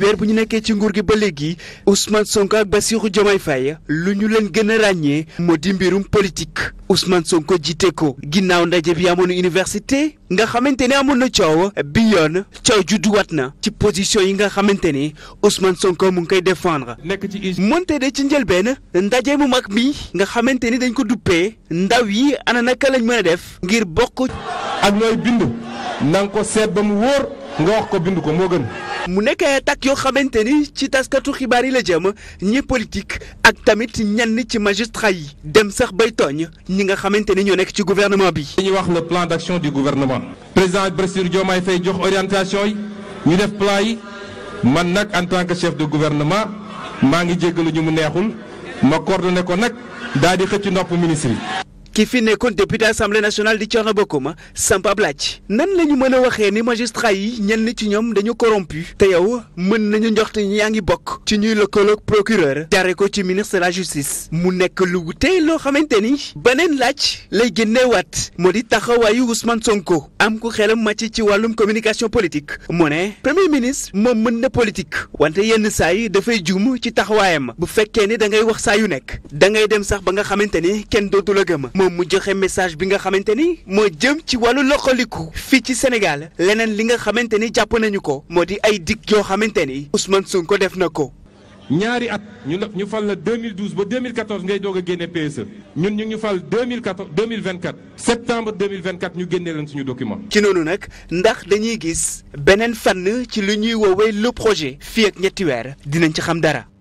weer bu ñu nekkee ci nguur gi ba léegi Ousmane Sonko ak Bassirou Diomaye fay lu ñu leen gën a ràññee moo di mbirum politique Ousmane Sonko jiite ko ginnaaw ndaje bi amoon université nga xamante ne amoon na coow bi yoon coow judduwaat na ci position yi nga xamante ni Ousmane Sonko mu ngi koy défendre. nekk ci moonte de ci njëlbeen ndaje mu mag mi nga xamante ni dañ ko duppee ndaw yi ana naka lañ mën a def ngir bokk. ak looy bind na ko seet ba mu wóor nga wax ko bind ko moo mu nekk ay attaques yoo xamante ni ci taskatu xibaar yi la jëm ñi politique ak tamit ñenn ci magistrat yi dem sax bay tooñ ñi nga xamante ni ñoo nekk ci gouvernement bi. li ñuy wax la plan d'action du gouvernement. président Bassirou Diomaye fay jox orientation yi ñu def plan yi man nag en tant que chef de gouvernement maa ngi jéggalu ñu mu neexul ma kordone ko nag daal di xëcc nopp ministre yi. kii fi nekkoon député assemblée nationale di Thierno bokk ma ab laaj nan la ñu mën a waxee ni magistrat yi ñenn ci ñoom dañu corrompu te yow mën nañu njoxte ñi yaa ngi bokk ci ñuy lëkkaloog procureur jaare ko ci ministre de la justice mu nekk lu wute loo xamante ni beneen laaj lay génneewaat moo di taxawaayu Ousmane Sonko am ku xelam màcc ci wàllum communication politique mu ne premier ministre moom mën na politique wante yenn saa yi dafay juum ci taxawaayam bu fekkee ni da ngay wax saa yu nekk da ngay dem sax ba nga xamante ni kenn dootu la gëm moom mu joxe message bi nga xamante ni moo jëm ci wàllu loxoliku fii ci Sénégal leneen li nga xamante ni jàpp nañu ko moo di ay dig yoo xamante ni Ousmane ko def na ko. ñaari at ñu la ñu fal la 2012 ba 2014 ngay doog a génne PSE ñun ñu ngi fal 2014 2024 septembre 2024 ñu génne leen suñu document. ci noonu nag ndax dañuy gis beneen fànn ci lu ñuy woowee le projet fii ak ñetti weer dinañ ci xam dara.